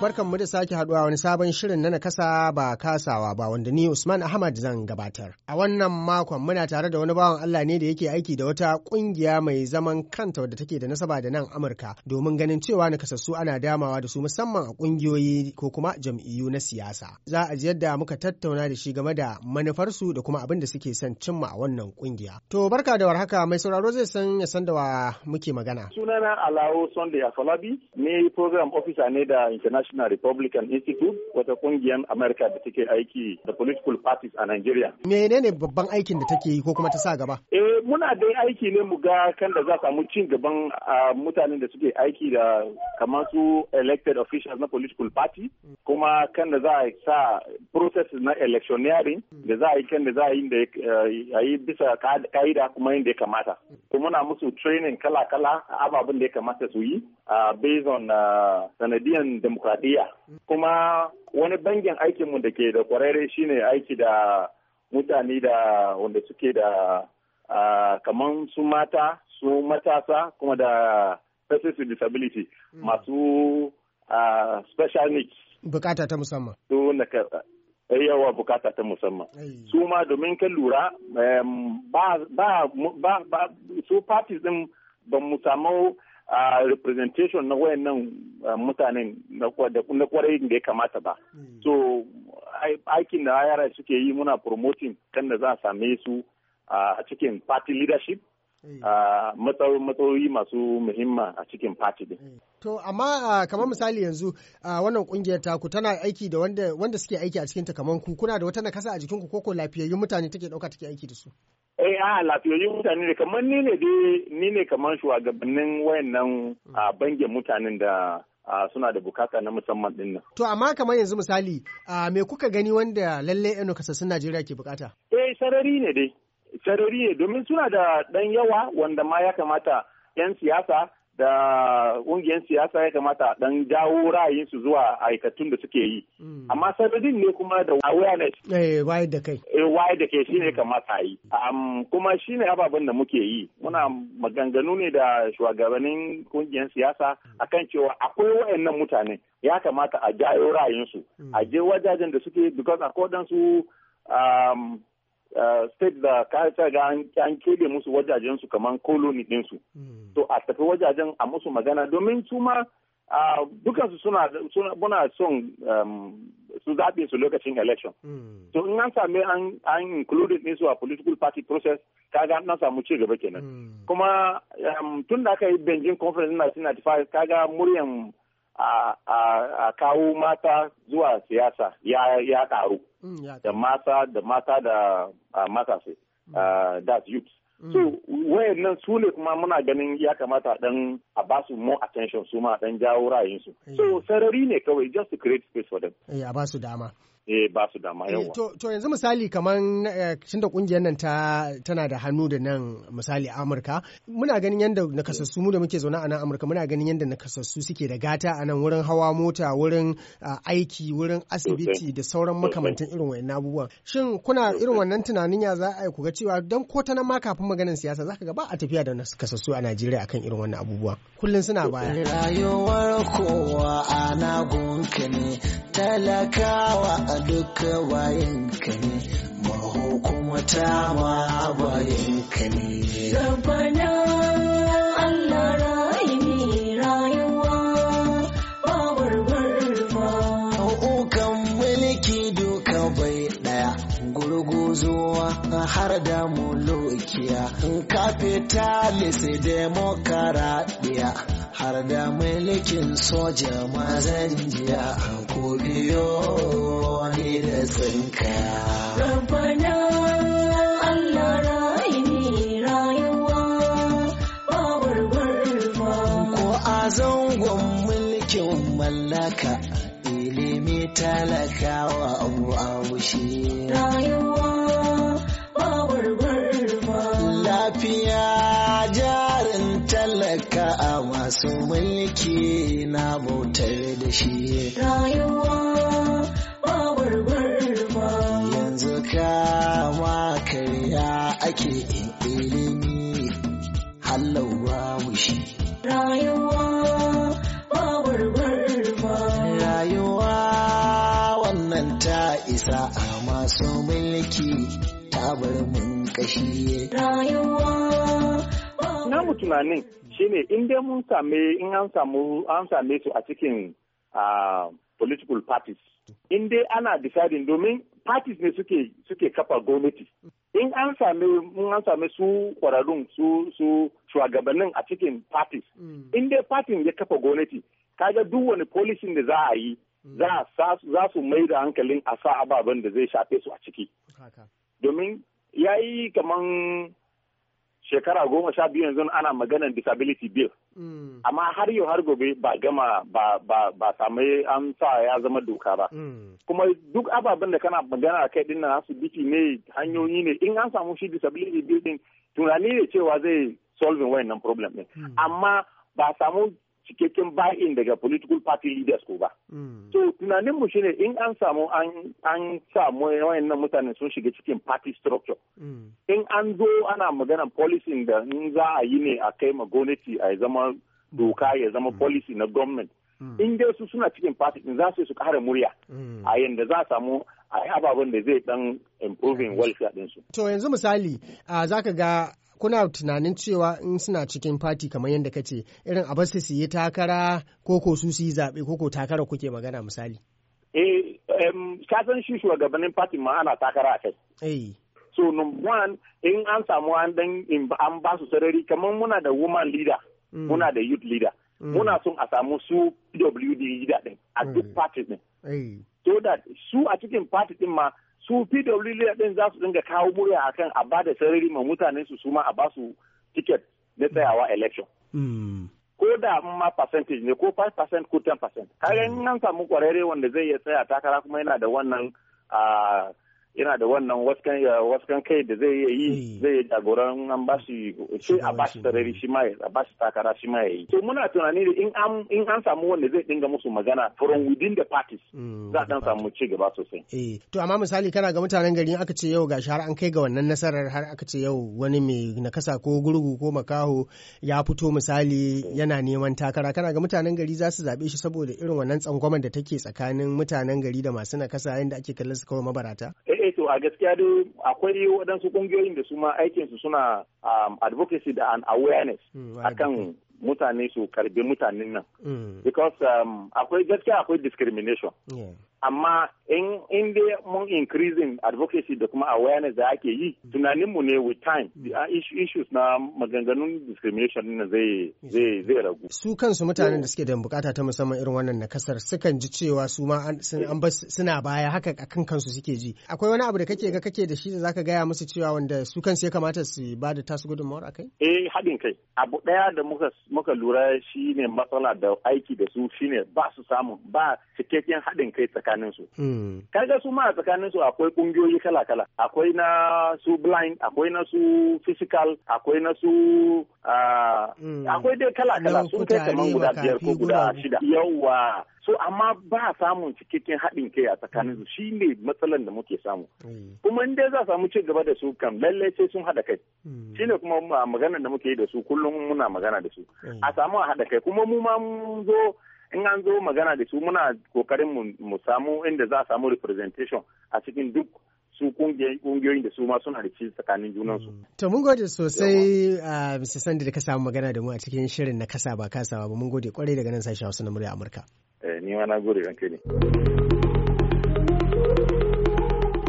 Barkan mu da sake haduwa wani sabon shirin na nakasa ba kasawa ba wanda ni Usman Ahmad zan gabatar. A wannan makon muna tare da wani bawan Allah ne da yake aiki da wata kungiya mai zaman kanta wadda take da nasaba da nan Amurka domin ganin cewa nakasassu ana damawa da su musamman a kungiyoyi ko kuma jam'iyyu na siyasa. Za a ji yadda muka tattauna da shi game da manufarsu da kuma abin da suke son cimma a wannan kungiya. To barka da warhaka mai sauraro zai san ya san da wa muke magana. Sunana Alawo Sunday Afolabi ne program officer ne da International National Republican Institute wata kungiyar Amerika da take aiki da political parties a Nigeria. Menene babban aikin da take yi ko kuma ta sa gaba? Eh muna dai aiki ne mu ga kan da za samu cin gaban mutanen da suke aiki da kamar su elected officials na political party kuma kan da za a sa process na electioneering da za a yi kan da za a yi da eh, yi bisa ka'ida kuma yin da ya kamata. kuma muna musu training kala-kala ababen da ya kamata su yi ah, based on ah, sanadiyan demokradiyya demokuraɗiyya kuma wani bangin aikinmu da ke da kwararre shine aiki da mutane da wanda suke da kaman su mata su matasa kuma da persons with disability hmm. masu special needs bukata ta musamman su eh, yawa bukata ta musamman su ma domin kan lura ba su parties din ba mu samu a representation na wayannan mutanen na kwarai da ya kamata ba hmm. so aikin da yara suke yi muna promoting kan da za a same su a cikin party leadership matsayoyi masu muhimma a cikin fati din. To amma kamar misali yanzu wannan kungiyar taku tana aiki da wanda suke aiki a cikin ta ku kuna da wata nakasa a jikinku koko ko ko lafiyayyun mutane take dauka take aiki da su. Eh a lafiyayyun mutane ne kamar ni ne dai ni ne kamar shugabannin wayannan bangin mutanen da Uh, suna da bukata na musamman din nan. To amma kamar yanzu misali uh, me kuka gani wanda lallai 'yan kasassun Najeriya ke bukata? Eh sarari ne dai. tarori ne domin suna da ɗan yawa wanda ma ya kamata 'yan siyasa da ƙungiyar siyasa ya kamata dan jawo ra'ayinsu zuwa aikatun da suke yi. Mm. Amma sanadin ne kuma da awareness. Eh, waye da kai. Eh, waye da kai shine kamata yi. kuma shine ababen da muke yi. Muna maganganu ne da shugabannin ƙungiyar siyasa mm. akan cewa akwai wayannan mutane ya kamata a jawo ra'ayinsu. Mm. A je wajajen da suke because according su Eh, state da ka ga an kebe musu wajajensu kamar koloni dinsu hmm. To a tafi wajajen a musu magana domin su ma dukansu suna buna son su zaɓe su lokacin election. Hmm. To in an same an included ɗinsu a political party process kaga na samu ci gaba kenan. Hmm. Kuma tun da aka yi benjin conference na 1995 kaga muryan a kawo mata zuwa siyasa ya karu mm, da mata da mata da matasa mm. that youth mm. so wayan nan su ne kuma muna ganin ya kamata dan a ba su more attention su ma dan jawo ra'ayinsu eh. so sarari ne kawai just to create space for them eh, a ba su dama eh ba su dama eh, yawa. To yanzu misali kamar eh, tun da kungiyar nan ta tana da hannu da nan misali Amurka muna ganin yadda nakasassu mu da muke zaune a nan Amurka muna ganin yadda nakasassu suke da gata a nan wurin hawa mota wurin aiki wurin asibiti da sauran makamantan irin wayan abubuwan. Shin kuna irin wannan tunanin ya za a yi ga cewa dan ko ta nan ma kafin maganin siyasa zaka ga ba a tafiya da nakasassu a Najeriya akan irin wannan abubuwa. kullun suna baya. Rayuwar kowa ana gunkini talakawa duka ka ne maho kuma ta ma ka ne. Rabbana Allah bozuwa har da mulukiya in kafitalism demokaradiyya har da mulkin soja mazan jiya ko biyo ne da tsinka. Allah Ko a zangon mulkin mallaka ne talakawa abu a wushe. Rayuwa ba ba. Lafiya jarin talaka a masu mulki na bautar da shi. Rayuwa ba ba. Yanzu kama karya ake ilimi halawa wushi. Rayuwa nan ta isa a masu mulki ta bar mun kashi rayuwa. mu tunanin shine in dai mun same in an samu an same su a cikin political parties. In dai ana deciding domin parties ne suke suke kafa gwamnati. In an same mun an same su kwararrun su su shugabannin a cikin parties. Hmm. In dai party ya kafa gwamnati kaga duk wani policy da za a yi za su mai da hankalin a sa ababen da zai shafe su a ciki. Domin ya yi kaman shekara goma sha biyu yanzu ana maganan disability bill. Mm. Amma har yau har gobe ba gama ba an sa ya zama doka ba. Mm. Kuma duk ababen da kana magana kai din nan asibiti ne hanyoyi ne in an samu shi disability bill tunani ne cewa zai solving nan problem ne. Mm. Amma ba samu cikakken buy-in daga political party leaders ko ba. Mm. So tunanin mu shine in an samu an samu wayannan mutane sun shiga cikin party structure. Mm. In an zo ana magana policy da in za a yi ne a kai ma gwamnati a zama doka ya zama mm. policy na government. In dai su suna cikin party din za su su kara murya. A yanda za a samu a yi ababen da zai dan improving welfare su. To yanzu misali za ka ga kuna tunanin cewa in suna cikin fati kamar yadda ka ce irin a basu su yi takara ko ko su su yi zaɓe ko ko takara kuke magana misali. Eh, ka san shi shugabannin fati ma ana takara a kai. Eh. So, number one, in an samu an dan an ba su sarari kamar muna da woman leader, mm. muna da youth leader. Mm. Muna son a samu su PWD leader din a mm. duk party din. Eh. So that su a cikin party din ma su PWL din za su dinga kawo murya akan a ba da sarari ma mutane su suma a ba su ticket na tsayawa election. Hmm. Ko da ma percentage ne ko 5% ko 10%. Kaga in an samu kwararre wanda zai iya tsaya takara kuma yana da wannan ah, yana da wannan waskan kai da zai yi eh. zai yi jagoran an ba shi sai a ba shi sarari shi ma a ba shi takara shi ma yayi to muna tunani da in an samu wanda zai dinga musu magana from within the parties mm, za a dan samu ci gaba sosai eh to amma misali kana ga mutanen gari aka ce yau gashi har an kai ga wannan nasarar har aka ce yau wani mai nakasa ko gurgu ko makaho ya fito misali yana neman takara kana ga mutanen gari za su zabe shi saboda irin wannan tsangwamar da take tsakanin mutanen gari da masu nakasa yayin da ake kallon su kawai mabarata eh, eh to a gaskiya dai akwai waɗansu ƙungiyoyin da su ma aikinsu suna um, advocacy da an awareness hmm, akan mutane su karbi mutanen nan. Hmm. Because um, akwai gaskiya akwai discrimination. amma in in dai mun increasing advocacy da kuma awareness da ake yi tunaninmu ne with time the uh, issues na maganganun discrimination na zai zai zai ragu su kansu mutanen da suke da bukata ta musamman irin wannan nakasar sukan ji cewa su ma suna baya haka akan kansu suke ji akwai wani abu da kake ga kake da shi da zaka gaya musu cewa wanda su kansu ya kamata su ba da tasu gudunmawar akai eh hadin kai abu ɗaya da muka muka lura shine matsala da aiki da su shine ba su samu ba cikakken hadin kai ta. tsakanin su hmm. kaga su ma a tsakanin su akwai kungiyoyi kala kala akwai na su blind akwai na su physical akwai na su ah, hmm. akwai dai kala kala sun kai kamar guda biyar ko guda shida Yawwa. so amma ba samun cikakken haɗin kai a tsakanin su hmm. shi ne matsalan da muke samu kuma inda za za samu ci gaba da su kam lallai sai sun haɗa kai shi ne kuma maganar da muke yi da su kullum muna magana da su a samu a haɗa kai kuma mu ma mun zo in an zo magana da su muna kokarin mu samu inda za a samu representation a cikin duk su kungiyoyin da su ma suna da cikin tsakanin junansu. Mm. To mun gode sosai a uh, Mr. Sandy da ka samu magana da mu a cikin shirin na kasa ba kasa ba mun gode kwarai daga nan sashen Hausa na murya Amurka. Eh ni ma na gode ranke ne.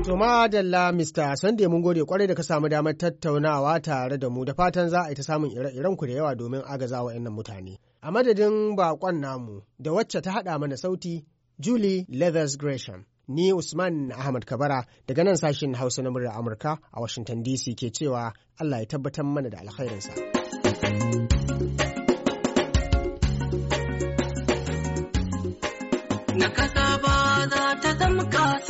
To madalla Mr. Sunday mun gode kwarai da ka samu damar tattaunawa tare da mu da fatan za a yi ta samun ire-iren ku da yawa domin agaza wa mutane. A madadin bakon namu da wacce ta haɗa mana sauti, Julie Leathers Gresham. Ni Usman Ahmad Kabara daga nan sashin Hausa na muryar Amurka a Washington DC ke cewa Allah ya tabbatar mana da alkhairinsa. Na kasa ba za ta zama